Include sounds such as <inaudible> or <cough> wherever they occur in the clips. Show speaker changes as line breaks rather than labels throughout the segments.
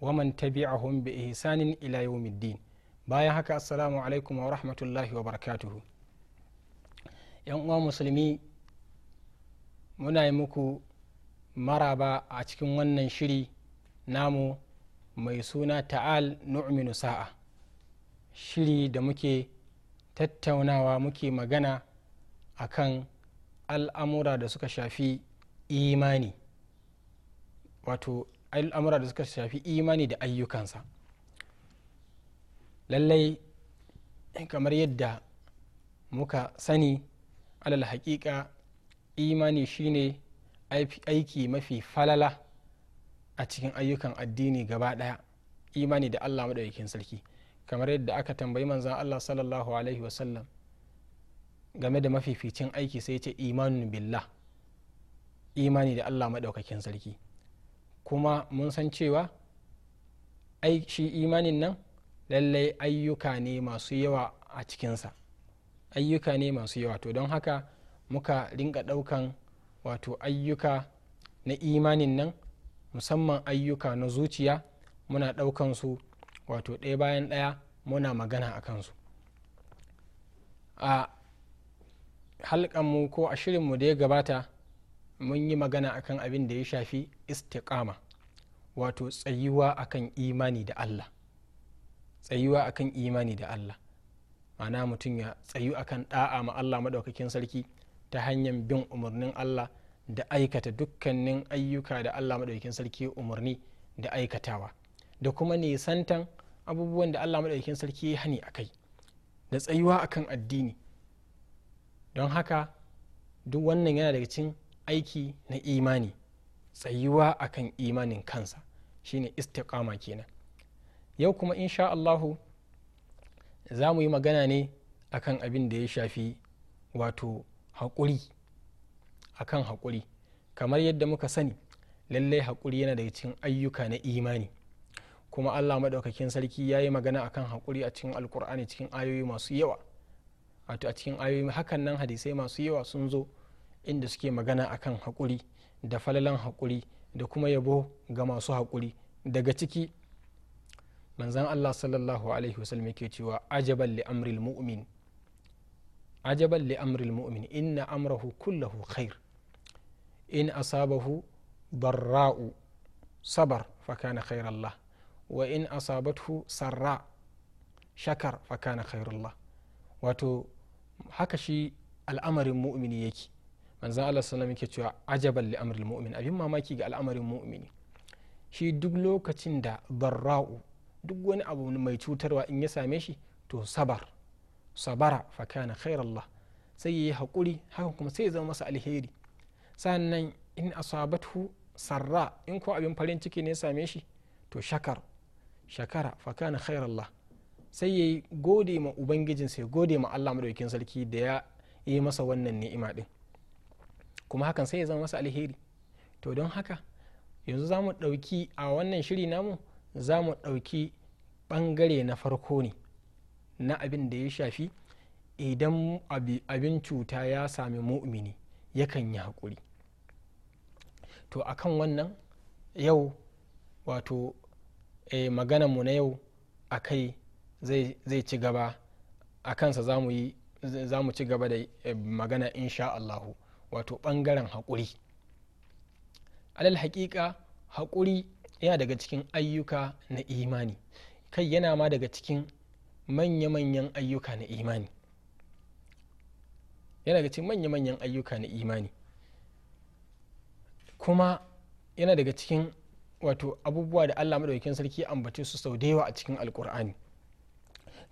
waman tabi'ahum bi ihsanin ila yawmiddin bayan haka assalamu alaikum wa rahmatullahi wa barakatuhu yan uwa musulmi muna yi muku maraba a cikin wannan shiri namu mai suna ta'al nu'minu sa'a shiri da muke tattaunawa muke magana akan al'amura da suka shafi imani wato al'amura da suka shafi imani da ayyukansa lallai kamar yadda muka sani alal haƙiƙa imani shine aiki mafi falala a cikin ayyukan addini gaba ɗaya imani da allah maɗaukakin sarki kamar yadda aka tambayi manzan allah sallallahu alaihi wasallam game da mafificin aiki sai ce imanun billah imani da allah maɗaukakin sarki kuma mun san cewa shi imanin nan lallai ayyuka ne masu yawa a cikinsa ayyuka ne masu yawa to don haka muka rinka ɗaukan wato ayyuka na imanin nan musamman ayyuka na zuciya muna ɗaukan su wato ɗaya bayan ɗaya muna magana a kansu a halkanmu ko a shirinmu da ya gabata mun yi magana akan abin da ya shafi istiƙama wato tsayuwa akan imani da allah tsayuwa akan imani da allah ma'ana mutum ya tsayu akan da'a ma allah maɗaukakin sarki ta hanyar bin umarnin allah da aikata dukkanin ayyuka da allah madaukakin sarki umarni da aikatawa da kuma nisantan abubuwan da allah madaukakin sarki ya hani a kai da tsayuwa akan addini don haka duk wannan yana daga cikin aiki na imani tsayuwa akan imanin kansa shine istiqama kenan yau kuma insha Allahu za mu yi magana ne akan abin da ya shafi wato haƙuri akan haƙuri kamar yadda muka sani lallai haƙuri yana daga cikin ayyuka na imani kuma allah maɗaukakin sarki ya yi magana akan haƙuri a cikin alkur'ani cikin ayoyi masu yawa wato a cikin ayoyi hakan nan hadisai masu yawa sun zo inda suke magana akan haƙuri da falalan haƙuri da kuma yabo ga masu haƙuri daga ciki manzan allah sallallahu alaihi wasallam ke cewa ajaban li amril mu'min ajaban li amril mu'min inna amrahu kullahu khair in asabahu barra'u sabar fakana khairallah wa in asabathu sarra shakar fakana khairallah wato haka shi al'amarin mu'mini yake manzo Allah sallallahu yake cewa ajaban li amril mu'min abin mamaki ga al'amarin mu'mini shi duk lokacin da barra'u duk wani abu mai cutarwa in ya same shi to sabar sabara fa kana khairallah sai yayi hakuri haka kuma sai ya zama masa alheri sannan in asabathu sarra in ko abin farin ciki ne ya same shi to shakar shakara fa kana khairallah sai yayi gode ma ubangijinsa ya gode ma Allah madaukakin sarki da ya yi masa wannan ni'ima din kuma hakan sai ya zama masa alheri to don haka yanzu za mu ɗauki a wannan shiri namu za mu ɗauki ɓangare na farko ne na abin da ya shafi idan abin cuta ya sami mu'mini yakan yi haƙuri to a kan wannan yau wato e, mu na yau a kai zai ci gaba a kansa za mu ci gaba da eh, magana insha Allahu wato ɓangaren haƙuri alal haƙiƙa haƙuri yana daga cikin ayyuka na imani kai yana ma daga cikin manya-manyan ayyuka na imani yana daga cikin manya-manyan ayyuka na imani kuma yana daga cikin wato abubuwa da allah maɗaukin sarki ambace su sau da yawa a cikin alkur'ani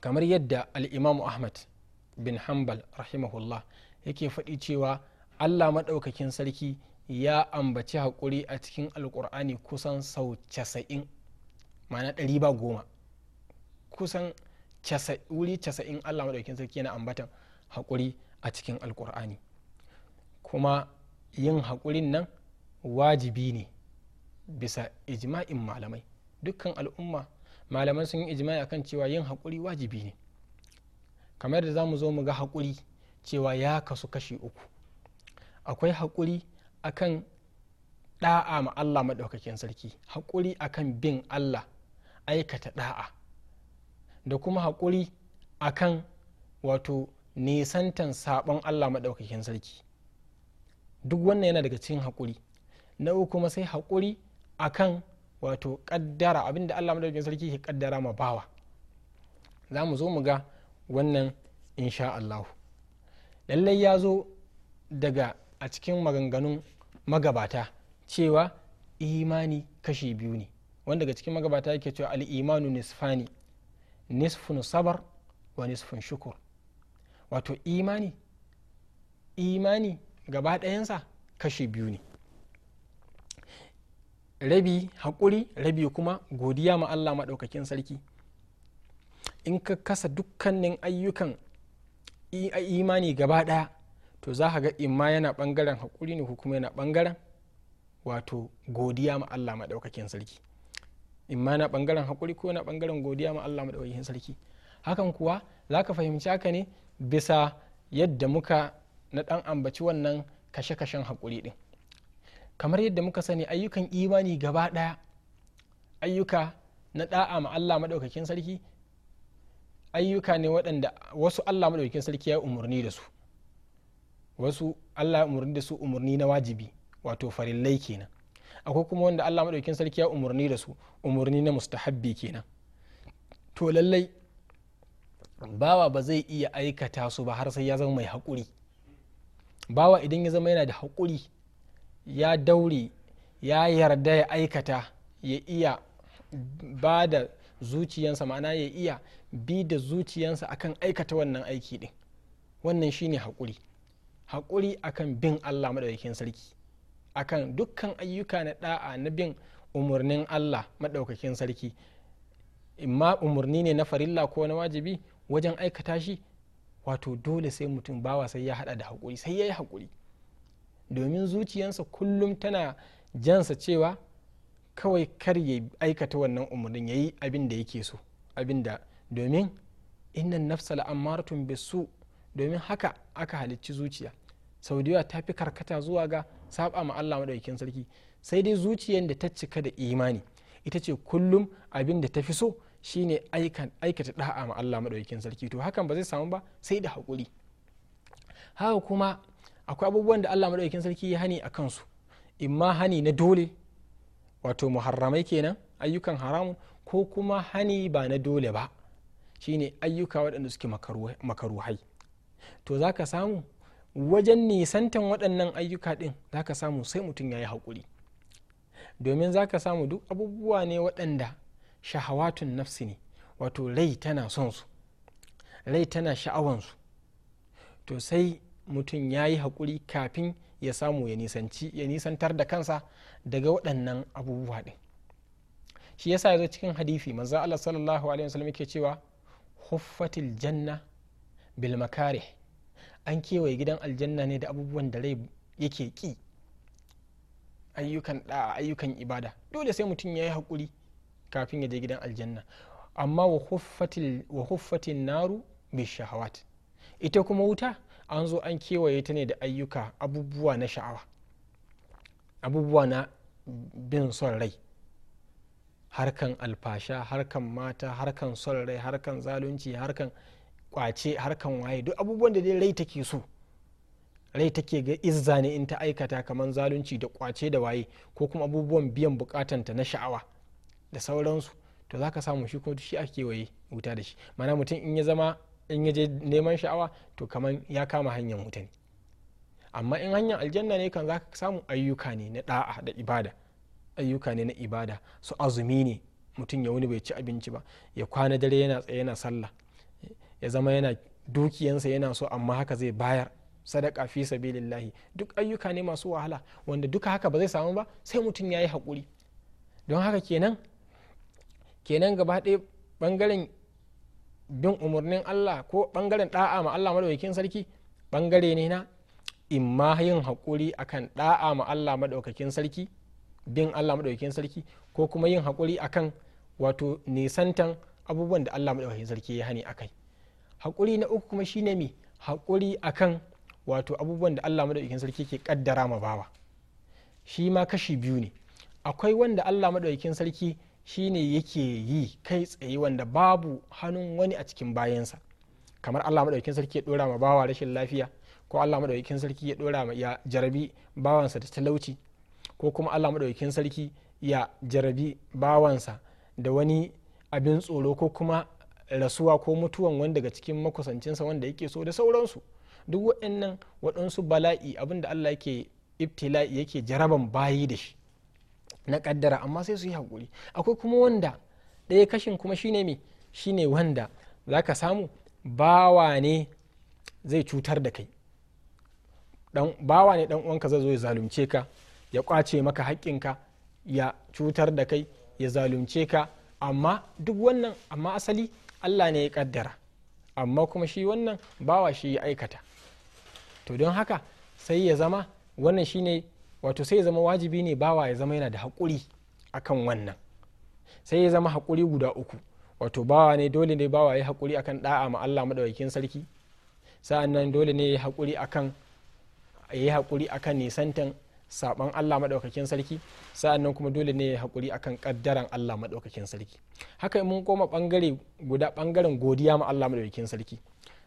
kamar yadda al'imamu ahmad bin hanbal rahimahullah yake faɗi cewa allah maɗaukakin sarki ya ambaci haƙuri a cikin alƙur'ani kusan sau casa'in ma'ana ɗari ba goma kusan wuri casa'in allah maɗaukakin sarki yana ambatan haƙuri a cikin alƙur'ani kuma yin haƙurin nan wajibi ne bisa ijma'in malamai dukkan al'umma malaman sun yi ijma'i akan cewa yin haƙuri wajibi ne kamar da za mu zo mu ga haƙuri cewa ya kasu kashi uku akwai haƙuri akan da'a ma Allah maɗaukakin sarki haƙuri akan bin Allah aikata da'a da kuma haƙuri akan wato nisantan saɓon Allah maɗaukakin sarki duk wannan yana daga cikin haƙuri na uku kuma sai haƙuri akan wato ƙaddara abinda Allah maɗaukakin sarki ke kaddara ma bawa za mu zo mu ga wannan insha Allahu lallai ya zo daga a cikin maganganun magabata cewa imani kashi biyu ne wanda daga cikin magabata yake cewa al'imanu nisfani nisfun sabar wa nisfun shukur wato imani imani gaba ɗayansa kashi biyu ne rabi hakuri rabi kuma godiya ma allah maɗaukakin sarki in ka kasa dukkanin ayyukan imani gaba ɗaya to za ka ga imma yana bangaren haƙuri ne ko kuma yana bangaren wato godiya ma Allah maɗaukakin sarki imma yana bangaren haƙuri ko yana bangaren godiya ma Allah maɗaukakin sarki hakan kuwa za ka fahimci haka ne bisa yadda muka na ɗan ambaci wannan kashe-kashen haƙuri ɗin kamar yadda muka sani ayyukan imani gaba ɗaya ayyuka na ɗa'a ma Allah maɗaukakin sarki ayyuka ne waɗanda wasu Allah maɗaukakin sarki ya umarni da su wasu allah umarni da su umarni na wajibi wato farillai kenan akwai kuma wanda allah maɗaukin sarki ya umarni da su umarni na mustahabbi kenan to lallai bawa ba zai iya aikata su ba har sai ya zama mai haƙuri bawa idan ya zama yana da haƙuri ya daure ya yarda ya aikata ya iya ba da zuciyansa ma'ana ya iya bi da zuciyansa akan aikata wannan aiki din wannan shine haƙuri haƙuri akan bin allah maɗaukakin sarki akan dukkan ayyuka na ɗa'a na bin umarnin allah maɗaukakin sarki imma umarni ne na farilla ko na wajibi wajen aikata shi wato dole sai mutum bawa sai ya haɗa da haƙuri sai ya yi haƙuri domin zuciyarsa kullum tana jansa cewa kawai kar ya aikata wannan umarnin ya yi abin da yake so abin da domin innan nafsala ammaratun bisu domin haka aka halicci zuciya sau da yawa ta fi karkata zuwa ga saba ma allah maɗaukakin sarki sai dai zuciyar da ta cika da imani ita ce kullum abin da ta fi so shine aikata da'a ma allah maɗaukakin sarki to hakan ba zai samu ba sai da hakuri haka kuma akwai abubuwan da allah maɗaukakin sarki ya hani a kansu imma hani na dole wato muharramai kenan ayyukan haramu ko kuma hani ba na dole ba shine ayyuka waɗanda suke makaruhai to za ka samu wajen nisantan waɗannan ayyuka ɗin za ka samu sai mutum ya yi haƙuri domin za ka samu duk abubuwa ne waɗanda shahawatun nafsi ne wato rai tana son su rai tana sha'awansu to sai mutum ya yi haƙuri kafin ya samu ya nisanci ya nisantar da kansa daga waɗannan abubuwa ɗin shi yasa ya zo cikin hadifi manzo sallallahu alaihi wasallam yake cewa huffatil janna bilmakare an kewaye gidan aljanna ne da abubuwan da rai yake ki ayyukan da ayyukan ibada dole sai mutum ya yi haƙuri kafin ya je gidan aljanna amma wa huffatin naru bi shahawat ita kuma wuta an zo an kewaye ta ne da ayyuka abubuwa na sha'awa abubuwa na bin son rai harkan alfasha harkan mata harkan son rai harkan zalunci harkan kwace harkan waye duk abubuwan da dai rai take so rai take ga izza ne in ta aikata kamar zalunci da kwace da waye ko kuma abubuwan biyan bukatanta na sha'awa da sauransu to zaka samu shi kuma shi ake waye wuta da shi mana mutum in ya zama in ya je neman sha'awa to kamar ya kama hanyar wuta ne amma in hanyar aljanna ne kan zaka samu ayyuka ne na da'a da ibada ayyuka ne na ibada su azumi ne mutum ya wuni bai ci abinci ba ya kwana dare yana tsaye yana sallah ya zama yana dukiyansa yana so amma haka zai bayar sadaka fi sabilillahi duk ayyuka ne masu wahala wanda duka haka ba zai samu ba sai mutum ya yi haƙuri don haka kenan kenan gaba ɗaya ɓangaren bin umarnin allah ko ɓangaren ɗa'a ma allah maɗaukakin sarki ɓangare ne na imma yin haƙuri akan ɗa'a ma allah maɗaukakin sarki bin allah maɗaukakin sarki ko kuma yin haƙuri akan wato nisantan abubuwan da allah maɗaukakin sarki ya hani akai haƙuri na uku kuma shine mi haƙuri akan wato abubuwan da Allah madaukakin sarki ke kaddara ma bawa shi ma kashi biyu ne akwai wanda Allah madaukakin sarki shine yake yi kai tsaye wanda babu hannun wani a cikin bayansa kamar Allah madaukakin sarki ya dora ma bawa rashin lafiya ko Allah madaukakin sarki ya dora ma ya jarabi bawansa da talauci ko kuma Allah madaukakin sarki ya jarabi bawansa da wani abin tsoro ko kuma rasuwa ko mutuwan wanda daga cikin makusancinsa wanda yake so da sauransu duk waɗannan waɗansu bala'i abin da allah yake ibtila'i yake jaraban bayi da shi na kaddara amma sai su yi hakuri akwai kuma wanda ɗaya kashin kuma shine me shine wanda za ka samu bawa ne zai cutar da kai bawa ne dan uwanka zai zo ya zalunce ka ya kwace maka haƙƙinka ya cutar da kai ya zalunce ka amma duk wannan amma asali allah ne ya kaddara amma kuma shi wannan bawa shi ya aikata to don haka sai ya zama wannan shine wato sai ya zama wajibi ne bawa ya zama yana da haƙuri akan wannan sai ya zama haƙuri guda uku wato bawa ne dole ne bawa ya haƙuri akan da'a ma Allah madawakin sarki sa'annan dole ne ya haƙuri akan ya yi haƙuri akan nisantan saban Allah maɗaukakin sarki sa'annan kuma dole ne ya hakuri akan ƙaddaran Allah maɗaukakin sarki haka mun koma ɓangare guda ɓangaren godiya ma Allah maɗaukakin sarki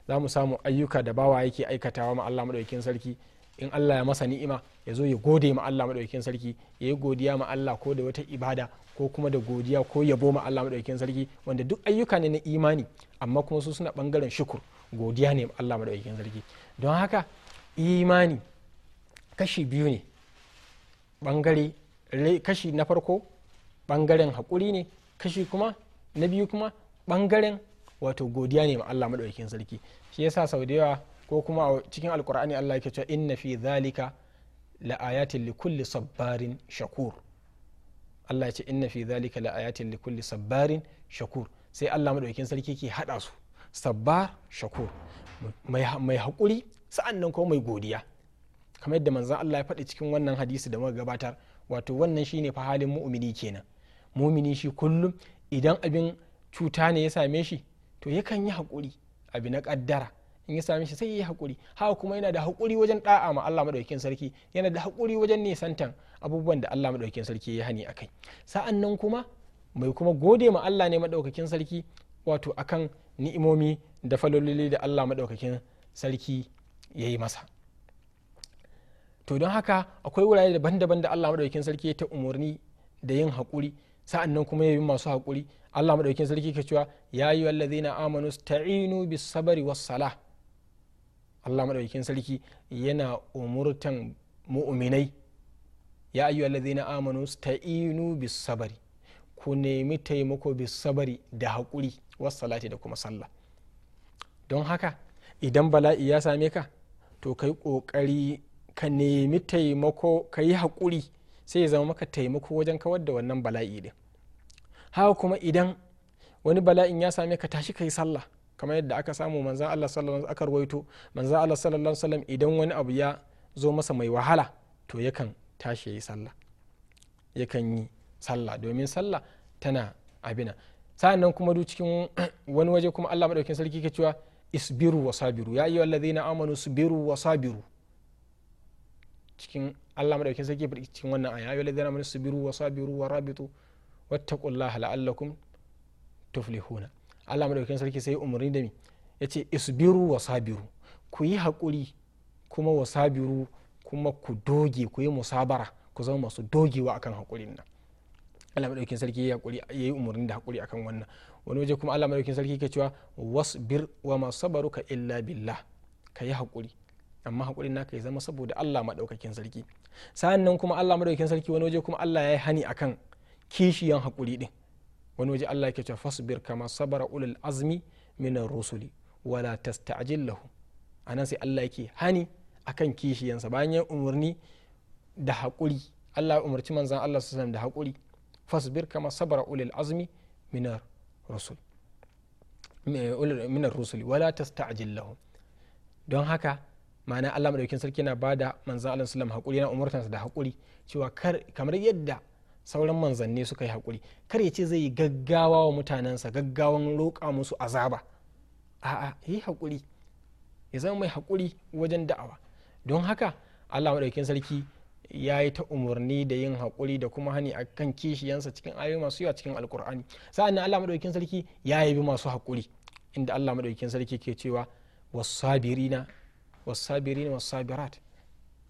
za mu samu ayyuka da bawa yake aikatawa ma Allah maɗaukakin sarki in Allah ya masa ni'ima ya zo ya gode ma Allah maɗaukakin sarki ya yi godiya ma Allah ko da wata ibada ko kuma da godiya ko yabo ma Allah maɗaukakin sarki wanda duk ayyuka ne na imani amma kuma su suna ɓangaren shukur godiya ne ma Allah maɗaukakin sarki don haka imani kashi biyu ne bangare kashi na farko bangaren haƙuri ne kashi kuma na biyu kuma bangaren wato godiya ne ma Allah maɗaukakin sarki shi yasa sau da yawa ko kuma a cikin alkur'ani Allah yake cewa inna fi zalika la ayatin li kulli sabbarin shakur Allah ya ce inna fi zalika la ayatin li kulli sabbarin shakur sai Allah maɗaukakin sarki ke haɗa su sabbar shakur mai haƙuri sa'annan ko mai godiya kamar yadda manzan Allah ya faɗi cikin wannan hadisi da muka gabatar wato wannan shine fa halin mu'mini kenan mu'mini shi kullum idan abin cuta ne ya same shi to yakan yi haƙuri abi na ƙaddara in ya same shi sai ya yi haƙuri haka kuma yana da haƙuri wajen ɗa'a ma Allah maɗaukakin sarki yana da haƙuri wajen nisantan abubuwan da Allah maɗaukakin sarki ya hani akai sa'an nan kuma mai kuma gode ma Allah ne maɗaukakin sarki wato akan ni'imomi da falololi da Allah maɗaukakin sarki ya yi masa to don haka akwai wurare daban-daban da allah maɗaukin sarki ta umarni da yin haƙuri sa'an nan kuma yabi masu haƙuri allah maɗaukin sarki ke cewa ya yi wallazi na amanu ta'inu bis sabari was sala allah maɗaukin sarki yana umurtan mu'uminai ya ayyu allazina amanu sta'inu bis sabari ku nemi taimako bis sabari da haƙuri was salati da kuma sallah don haka idan bala'i ya same ka to kai ƙoƙari ka nemi taimako ka yi haƙuri sai ya zama maka taimako wajen kawar da wannan bala'i din haka kuma idan wani bala'in ya same ka tashi ka yi sallah kamar yadda aka samu manzan Allah sallallahu alaihi aka rawaito manzan Allah sallallahu alaihi wasallam idan wani abu ya zo masa mai wahala to yakan tashi yayi sallah yakan yi sallah domin sallah tana abina nan kuma duk cikin <clears throat> wani waje kuma Allah madaukakin sarki ke cewa isbiru wa sabiru ya ayyuhallazina amanu isbiru wa sabiru cikin Allah madaukin sarki ya faɗi cikin wannan aya ayyuhal ladzina amanu subiru wa sabiru wa rabitu wattaqullaha la'allakum tuflihuna Allah madaukin sarki sai umarni da mi yace isbiru wa sabiru ku yi haƙuri kuma wa sabiru kuma ku doge ku yi musabara ku zama masu dogewa akan haƙurin nan Allah madaukin sarki ya yi umarni da haƙuri akan wannan wani waje kuma Allah madaukin sarki ke cewa wasbir wa ma ka illa billah ka yi haƙuri amma hakurin naka ya zama saboda Allah madaukakin sarki sa'an kuma Allah madaukakin sarki wani waje kuma Allah ya yi hani akan kishiyan hakuri din wani waje Allah yake cewa fasbir kama sabara ulul azmi minar rusuli wala tasta'jil lahu anan sai Allah yake hani akan kishiyan sa bayan ya umarni da hakuri Allah ya umarci manzan Allah su da hakuri fasbir kama sabara ulul azmi minar rusul minar rusuli wala tasta'jil lahu don haka ma'ana Allah madaukakin sarki yana da manzan Allah sulam haƙuri yana umurtansa da haƙuri cewa kar kamar yadda sauran manzanni suka yi haƙuri kar ya ce zai yi gaggawa wa mutanensa gaggawan roƙa musu azaba a'a yi haƙuri ya zama mai haƙuri wajen da'awa don haka Allah madaukakin sarki ya yi ta umarni da yin haƙuri da kuma hani a kan kishiyansa cikin ayoyi masu yawa cikin alƙur'ani sa'an nan allah maɗaukin sarki ya yi yabi masu haƙuri inda allah maɗaukin sarki ke cewa sabirina wasabirin wasabirat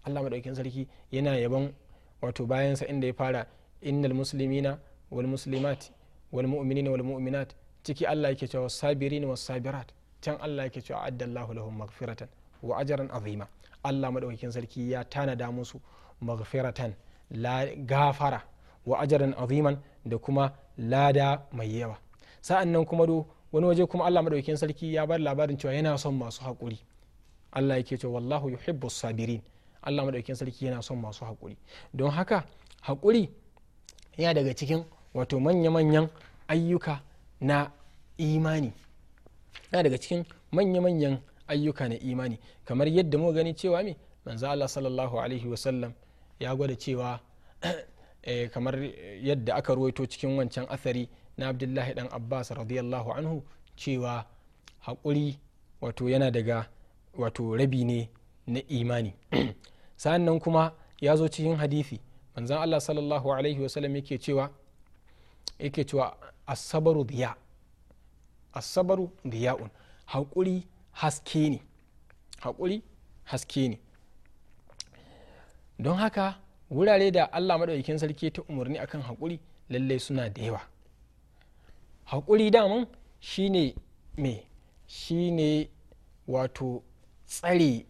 Allah madaukin sarki yana yabon wato bayan bayansa inda ya fara innal muslimina wal muslimat wal mu'minina wal mu'minat ciki Allah yake cewa wasabirin wasabirat can Allah yake cewa addallahu lahum maghfiratan wa ajran azima Allah madaukakin sarki ya tanada musu maghfiratan la gafara wa ajran aziman da kuma lada mai yawa sa'an nan kuma do wani waje kuma Allah madaukakin sarki ya bar labarin cewa yana son masu haƙuri Allah yake cewa wallahu yuhibbu sabirin Allah madaukakin sarki yana son masu haƙuri don haka haƙuri yana daga cikin wato manya-manyan ayyuka na imani yana daga cikin manya-manyan ayyuka na imani kamar yadda mu gani cewa me manzo Allah sallallahu alaihi wasallam ya gwada cewa <clears throat> eh, kamar yadda aka ruwaito cikin wancan athari na abdullahi dan abbas radiyallahu anhu cewa haƙuri wato yana daga wato rabi ne na imani <clears throat> sa'an nan kuma ya zo cikin hadithi manzan allah sallallahu alaihi wasallam yake cewa yake cewa asabaru diya asabaru diya'un haƙuri haske ne haƙuri haske ne don haka wurare da allah maɗaukakin sarki ta umarni akan haƙuri lallai suna da yawa haƙuri daman shine me shine wato tsare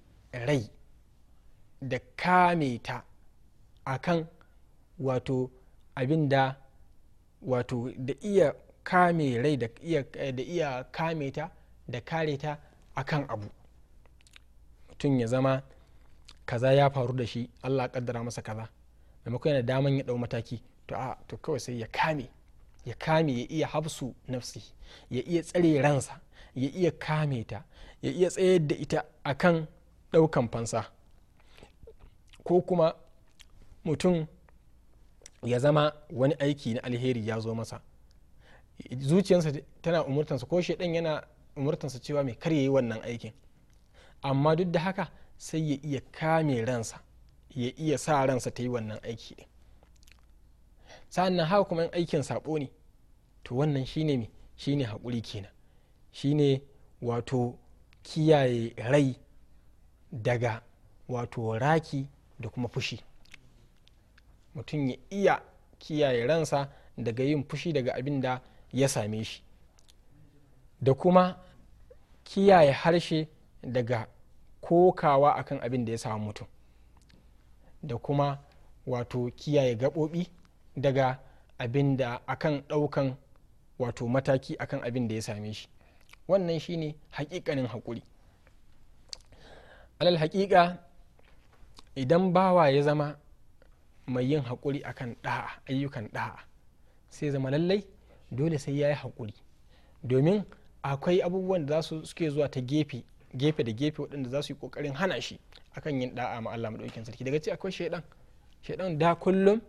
rai da kame ta a kan wato abin da wato da iya kame rai da iya kame ta da kare ta a kan abu mutum ya zama kaza ya faru da shi allah kaddara masa kaza maimakon yana daman ya dau mataki to a to kawai sai ya kame ya kame ya iya hafsu nafsi ya iya tsare ransa ya iya kame ta ya iya tsayar da ita a kan ɗaukan fansa ko kuma mutum ya zama wani aiki na alheri ya zo masa zuciyarsa tana umurtansa ko shaidan yana umurtansa cewa mai kar yi wannan aikin amma duk da haka sai ya iya kame ransa ya iya sa ransa ta yi wannan aiki ɗin sa'an haka kuma aikin saɓo ne to wannan shine ne shine haƙuri kenan shine wato kiyaye rai daga wato raki da kuma fushi mutum ya iya kiyaye ransa daga yin fushi daga abin da ya same shi da kuma kiyaye harshe daga kokawa akan abin da ya samu mutum da kuma wato kiyaye gaɓoɓi daga abin da akan ɗaukan wato mataki akan abin da ya same shi wannan shine hakikanin hakuri alal haƙiƙa idan bawa ya zama mai yin hakuri akan ɗa'a ayyukan ɗa'a sai zama lallai dole sai ya yi haƙuri domin akwai abubuwan da su suke zuwa ta gefe gefe da gefe waɗanda za su yi ƙoƙarin hana shi akan yin ɗa'a ma Allah maɗaukin sarki daga ci akwai shaidan shaidan da kullum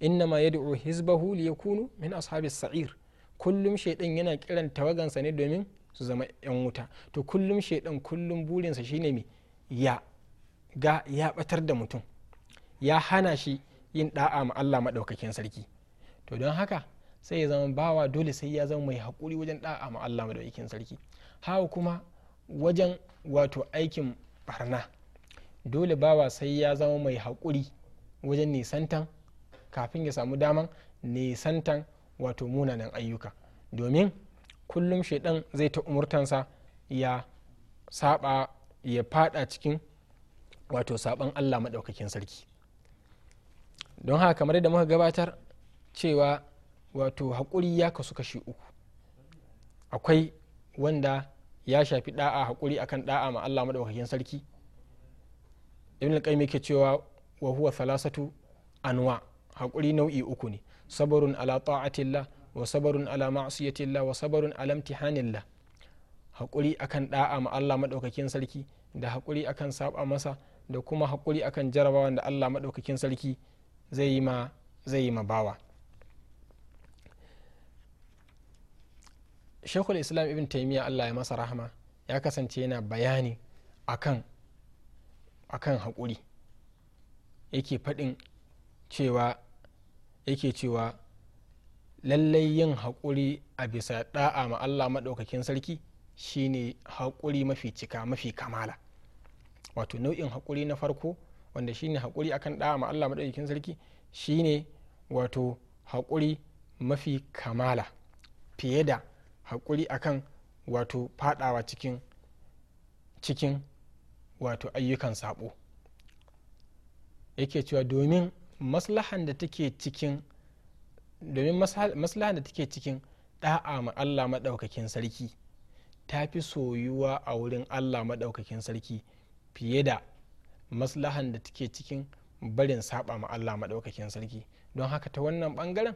innama ya hizbahu liyakunu min ashabis sa'ir kullum shaidan yana kiran tawagansa ne domin su zama yan wuta to kullum shaidan kullum burinsa shine ne ya ga ya batar da mutum ya hana shi yin da'a ma Allah maɗaukakin sarki to don haka sai ya zama bawa dole sai ya zama mai haƙuri wajen da'a ma Allah maɗaukakin sarki hawa kuma wajen wato aikin barna dole bawa sai ya zama mai haƙuri wajen nisantan kafin ya samu daman nisantan wato munanan ayyuka domin kullum shaidan zai ta umurtansa ya saba ya fada cikin wato saban allah maɗaukakin sarki don haka kamar da muka gabatar cewa wato haƙuri ya kasu kashi uku akwai wanda ya shafi ɗa'a haƙuri akan da'a ma allah maɗaukakin sarki ibn al yake cewa wa huwa thalathatu anwa haƙuri nau'i uku ne sabrun ala ta'atillah wa sabarun ala ma'asiyatillah wa sabarun haƙuri akan da'a ma Allah maɗaukakin sarki da haƙuri akan saba masa da kuma haƙuri akan jarabawan da Allah maɗaukakin sarki zai yi ma zai yi ma bawa shekul islam ibn taimiyya Allah ya masa rahama ya kasance yana bayani akan akan haƙuri yake faɗin cewa yake cewa lallai yin haƙuri a bisa da'a ma allah maɗaukakin sarki shine haƙuri mafi cika mafi kamala wato nau'in haƙuri na farko wanda shine haƙuri akan da'a ma allah maɗaukakin sarki shine wato haƙuri mafi kamala fiye da haƙuri akan wato faɗawa cikin cikin wato ayyukan saɓo yake cewa domin maslahan da take cikin domin maslahan da take cikin da'a ma Allah maɗaukakin sarki ta fi soyuwa a wurin Allah maɗaukakin sarki fiye da maslahan da take cikin barin saba ma Allah maɗaukakin sarki don haka ta wannan ɓangaren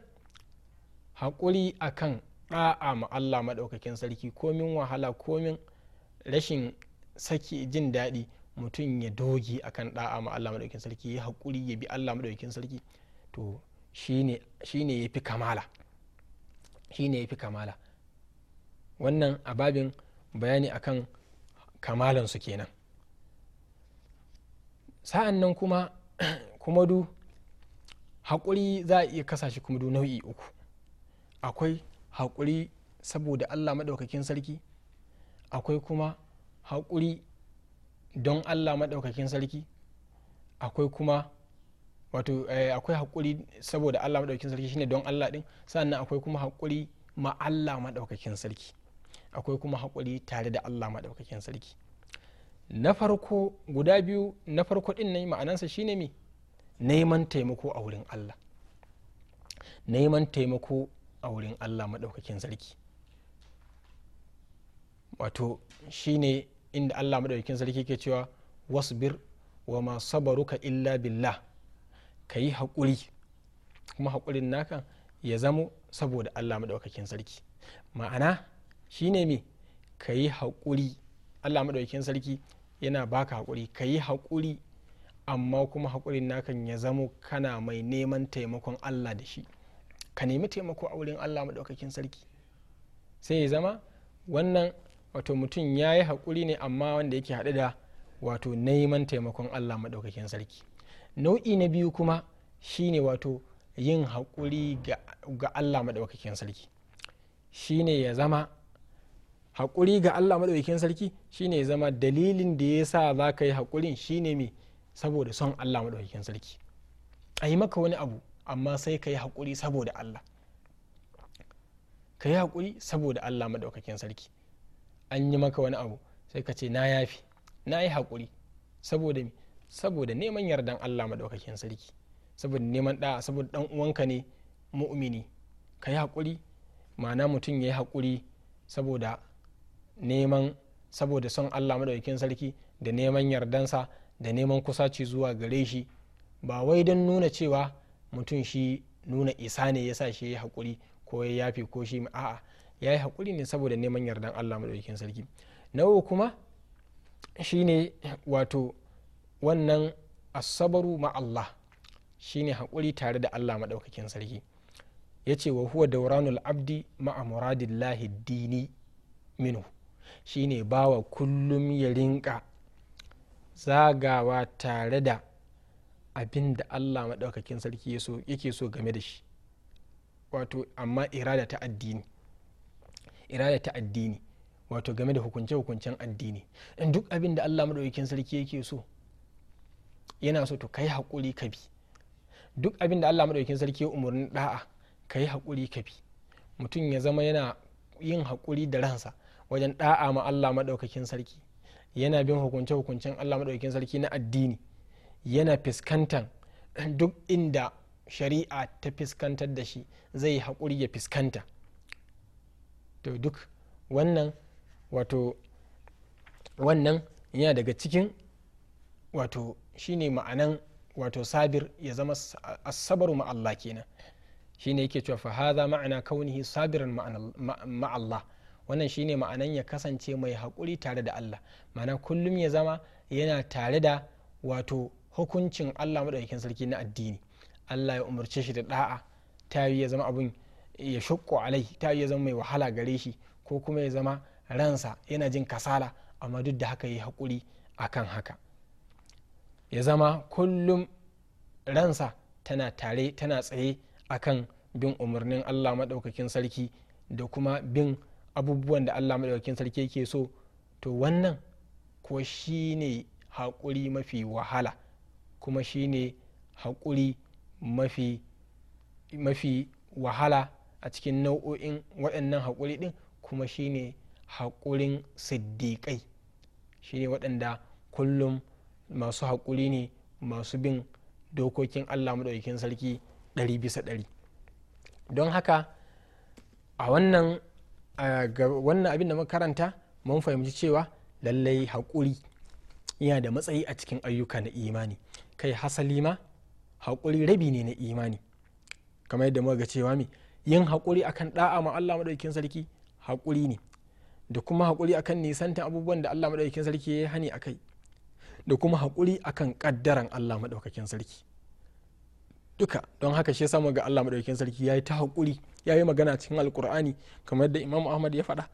haƙuri akan da'a ma Allah maɗaukakin sarki komin wahala komin rashin saki jin daɗi mutum ya doge akan da'a ma Allah maɗaukakin sarki ya haƙuri ya bi Allah maɗaukakin sarki to shine ya fi kamala shine ya fi kamala wannan ababin bayani akan kamalansu kenan sa'an nan kuma <clears throat> kuma du haƙuri za a iya kasa shi kuma du nau'i uku akwai haƙuri saboda allah maɗaukakin sarki akwai kuma haƙuri don allah maɗaukakin sarki akwai kuma wato eh, akwai haƙuri saboda allah maɗaukakin sarki shine don allah ɗin sannan akwai kuma haƙuri ma allah maɗaukakin sarki akwai kuma haƙuri tare da allah maɗaukakin sarki na farko guda biyu na farko ɗin nan ma'anansa shine me neman taimako a wurin allah neman taimako a wurin allah maɗaukakin sarki wato shine inda allah maɗaukakin sarki ke cewa wasu bir wa ma sabaruka illa billah ka yi haƙuri kuma haƙurin naka ya zamo saboda allah maɗaukakin sarki ma'ana shine me ka yi haƙuri allah maɗaukakin sarki yana baka haƙuri ka yi haƙuri amma kuma haƙurin naka ya zamo kana mai neman taimakon allah da shi ka nemi taimako a wurin allah maɗaukakin sarki sai ya zama wannan wato mutum ya yi haƙuri ne amma wanda yake haɗu da wato neman taimakon allah maɗaukakin sarki nau'i na biyu kuma shine wato yin haƙuri ga allah maɗaukakin sarki shine ya zama haƙuri ga allah maɗaukakin sarki shine ya zama dalilin da ya sa za ka yi haƙurin shine me saboda son allah maɗaukakin sarki a yi maka wani abu amma sai ka yi haƙuri saboda allah ka yi haƙuri saboda allah maɗaukakin sarki an yi maka wani abu sai ka ce na yafi na yi haƙuri saboda mai saboda neman yardan Allah madaukakin sarki saboda neman ɗa saboda ɗan uwanka ne mu'mini ka yi haƙuri ma'ana mutum ya yi hakuri saboda neman saboda son Allah madaukakin sarki da neman yardansa da neman kusaci zuwa gare shi ba wai don nuna cewa mutum shi nuna isa ne ya sa shi ya hakuri ko ya yafe ko shi a'a ya yi haƙuri ne saboda neman yardan allah maɗaukakin sarki na kuma shine wato wannan asabaru ma Allah shine haƙuri tare da Allah maɗaukakin sarki ya ce wa huwa dauranul abdi ma'a muradillahi dini minhu shine bawa kullum ya rinka zagawa tare da abin da allah maɗaukakin sarki yake so game da shi wato amma irada ta addini irada ta addini wato game da hukunce-hukuncen addini in duk abin da allah maɗaukakin sarki yake so yana so to kai haƙuri ka bi duk abin da Allah maɗaukin sarki ya umarni da'a yi haƙuri ka bi mutum ya zama yana yin hakuri da ransa wajen da'a ma Allah maɗaukakin sarki yana bin hukunce hukuncen Allah maɗaukin sarki na addini yana fuskantar duk inda shari'a ta fuskantar da shi zai hakuri ya fuskanta to duk wannan wato wannan yana daga cikin wato shine ma'anan wato sabir ya zama asabar ma Allah kenan shine yake cewa fa hadha ma'ana kaunihi sabiran ma Allah wannan shine ma'anan ya kasance mai haƙuri tare da Allah ma'ana kullum ya zama yana tare da wato hukuncin Allah madaukakin sarki na addini Allah ya umarce shi da da'a ta ya zama abun ya shukko alai ta ya zama mai wahala gare shi ko kuma ya zama ransa yana jin kasala amma duk da haka ya haƙuri akan haka ya zama kullum ransa tana tare tana tsaye a kan bin umarnin allah maɗaukakin sarki da kuma bin abubuwan da allah maɗaukakin sarki yake so to wannan ko shi ne haƙuri mafi wahala kuma shi ne haƙuri mafi, mafi wahala a cikin nau'o'in waɗannan haƙuri ɗin kuma shi ne haƙurin siddiƙai shi ne waɗanda kullum masu haƙuri ne masu bin dokokin allah maɗaukakin sarki ɗari bisa ɗari don haka a wannan wannan abin da makaranta mun fahimci cewa lallai haƙuri yana da matsayi a cikin ayyuka na imani kai hasali ma haƙuri rabi ne na imani kamar yadda muka ga cewa mi yin haƙuri akan ɗa'a ma Allah madaukakin sarki haƙuri ne da kuma haƙuri akan nisantan abubuwan da Allah maɗaukin sarki ya yi hani akai da kuma haƙuri akan ƙaddaran Allah maɗaukakin sarki duka don haka shi samu ga Allah maɗaukakin sarki ya yi ta haƙuri ya yi magana cikin alƙur'ani kamar yadda imam ahmad ya faɗa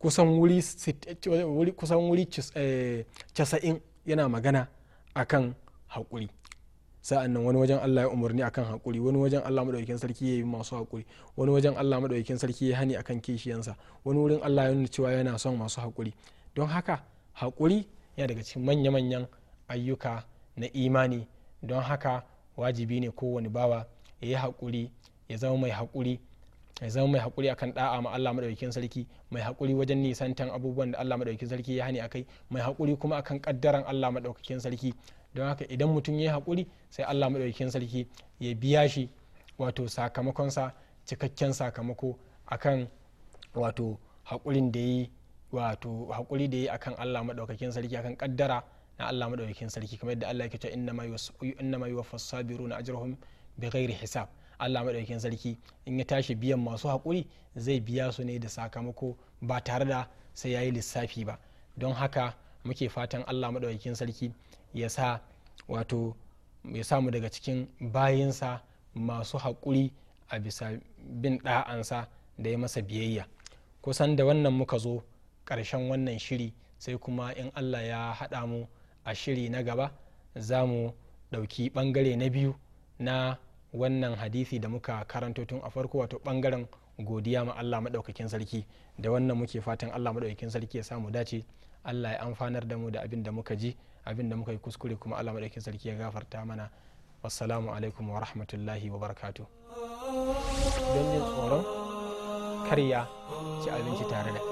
kusan wuri eh, kusan wuri eh, casa'in yana magana akan haƙuri sa'an nan wani wajen Allah ya umarni akan haƙuri wani wajen Allah maɗaukakin sarki ya yi masu haƙuri wani wajen Allah maɗaukakin sarki ya hani akan kishiyansa wani wurin Allah ya nuna cewa yana son masu haƙuri don haka haƙuri yana daga cikin manya-manyan ayyuka na imani don haka wajibi ne kowane bawa ya yi haƙuri ya zama mai haƙuri ya zama mai haƙuri akan da'a ma Allah madaukakin sarki mai haƙuri wajen nisantan abubuwan da Allah madaukakin sarki ya hani akai mai haƙuri kuma akan kaddaran Allah madaukakin sarki don haka idan mutum ya yi haƙuri sai Allah madaukakin sarki ya biya shi wato sakamakon sa cikakken sakamako akan wato haƙurin da ya yi wato hakuri da yi akan Allah maɗaukakin sarki akan kaddara na Allah madaukakin sarki kamar yadda Allah yake cewa inna ma yuwaffa sabiruna ajrahum bighairi hisab Allah maɗaukakin sarki in ya tashi biyan masu hakuri zai biya su ne da sakamako ba tare da sai yayi lissafi ba don haka muke fatan Allah maɗaukakin sarki ya sa wato ya samu daga cikin bayinsa masu hakuri a bisa bin da'ansa da ya masa biyayya kusan da wannan muka zo karshen wannan shiri sai kuma in allah ya haɗa mu a shiri na gaba za mu ɗauki ɓangare na biyu na wannan hadisi da muka karanto tun a farko wato ɓangaren godiya ma allah maɗaukakin sarki da wannan muke fatan allah maɗaukakin sarki ya samu dace allah ya amfanar da mu da abin da muka ji abin da muka yi kuskure kuma allah maɗaukakin sarki ya gafarta mana wassalamu alaikum wa rahmatullahi wa barakatu don yin tsoron karya ci abinci tare da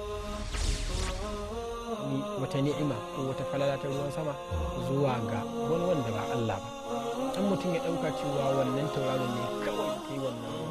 wani wata ni'ima ko wata falala ta ruwan sama zuwa ga wani wanda ba Allah ba Dan mutum ya ɗauka cewa wannan tauraron ne kawai ke wannan